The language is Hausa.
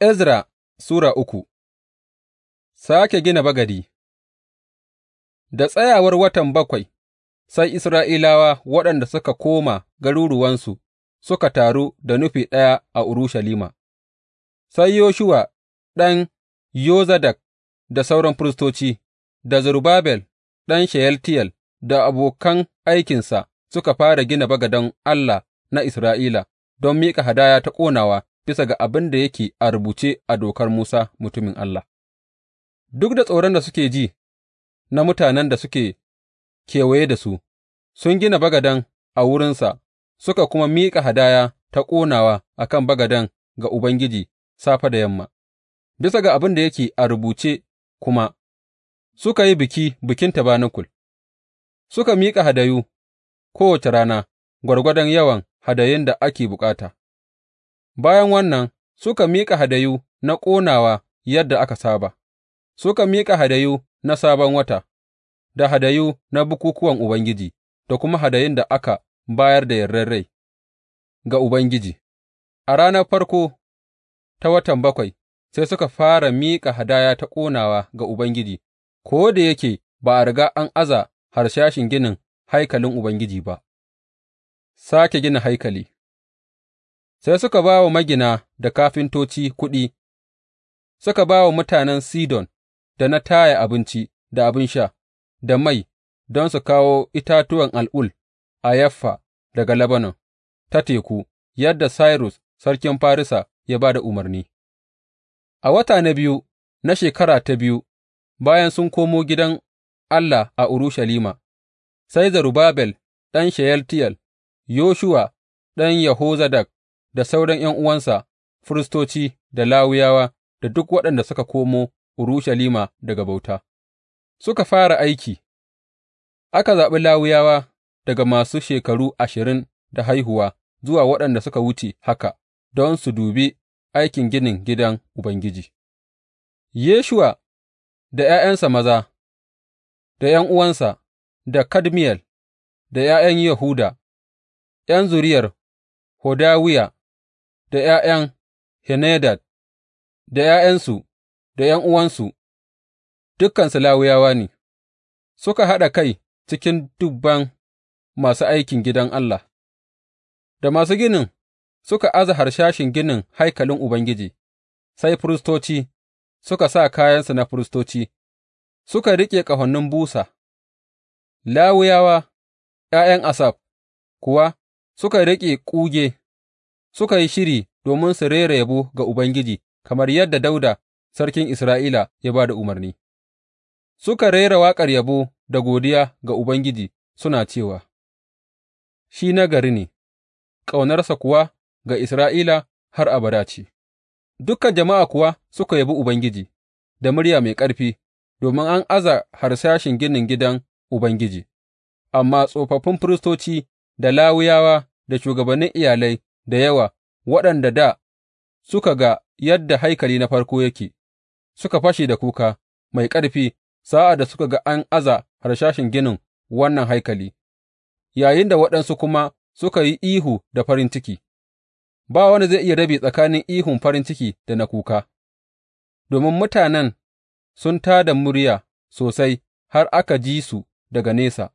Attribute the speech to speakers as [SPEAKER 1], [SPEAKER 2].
[SPEAKER 1] Ezra Sura uku Sake gina bagadi Da tsayawar watan bakwai, sai Isra'ilawa waɗanda suka
[SPEAKER 2] koma garuruwansu suka taru da nufi ɗaya a Urushalima, sai Yoshuwa ɗan Yozadak da sauran firistoci, da Zerubabel ɗan Sheyaltiyel da abokan aikinsa suka fara gina bagadan Allah na Isra'ila don miƙa hadaya ta ƙonawa. bisa ga abin da yake a rubuce a dokar Musa mutumin Allah, duk da tsoron da suke ji na mutanen da suke kewaye da su, sun gina bagadan a wurinsa suka kuma miƙa hadaya ta ƙonawa a kan bagadan ga Ubangiji safe da yamma, bisa ga abin da yake a rubuce kuma suka yi biki bikin tabanakul, suka miƙa hadayu kowace rana gwargwadon yawan hadayun da ake bukata. Bayan wannan, suka miƙa hadayu na ƙonawa yadda aka saba, suka miƙa hadayu na Sabon Wata, da hadayu na bukukkuwan Ubangiji, da kuma hadayun da aka bayar da yardar rai ga Ubangiji, a ranar farko ta watan bakwai, sai suka fara miƙa hadaya ta ƙonawa ga Ubangiji, ko da yake ba a riga an aza harsashin ginin haikalin Ubangiji ba. Sake gina haikali. sai suka ba wa magina da kafintoci kuɗi, suka ba wa mutanen Sidon da na Taya abinci da abin sha, da mai don su kawo itatuwan al'ul a Yaffa daga Lebanon ta teku, yadda Cyrus sarkin Farisa ya ba da umarni. A wata na biyu na shekara ta biyu, bayan sun komo gidan Allah a Urushalima, sai Zerubabel ɗan Sheyaltiyal, Yoshuwa ɗan Yehozadak, da sauran ’yan'uwansa, firistoci da Lawiyawa da duk waɗanda suka komo Urushalima daga bauta, suka fara aiki, aka zaɓi Lawiyawa daga masu shekaru ashirin da haihuwa zuwa waɗanda suka wuce haka don su dubi aikin
[SPEAKER 1] ginin gidan Ubangiji, Yeshuwa da ’ya'yansa maza, da ’yan'uwansa, da Kadmiyel, da ’ya'yan Yahuda, ’yan zuriyar Hodawiya da ’ya'yan Henadad, da ’ya'yansu da ’yan'uwansu, dukansu Lawiyawa
[SPEAKER 2] ne, suka haɗa kai cikin dubban masu aikin gidan Allah, da masu ginin suka aza harsashin ginin haikalin Ubangiji, sai firistoci suka sa kayansu na firistoci, suka riƙe ƙahonin busa, Lawiyawa, ’ya'yan Asaf kuwa suka riƙe ƙuge. suka yi shiri domin su rera yabo ga Ubangiji kamar yadda Dauda sarkin Isra'ila ya ba da umarni, suka rera waƙar yabo da godiya ga Ubangiji suna cewa, Shi nagari ne, ƙaunarsa kuwa ga Isra'ila har abada ce, dukan jama'a kuwa suka yabi Ubangiji da murya mai ƙarfi, domin an aza harsashin ginin gidan Ubangiji, amma tsofaffin firistoci da lawuyawa da shugabannin iyalai da yawa waɗanda da suka ga yadda haikali na farko yake, suka fashe da kuka mai ƙarfi sa'ad da suka ga an aza harsashin ginin wannan haikali, yayin da waɗansu kuma suka yi ihu da farin ciki, ba wani zai iya rabe tsakanin ihun farin ciki
[SPEAKER 1] da na kuka, domin mutanen sun tā da murya sosai har aka ji su daga nesa.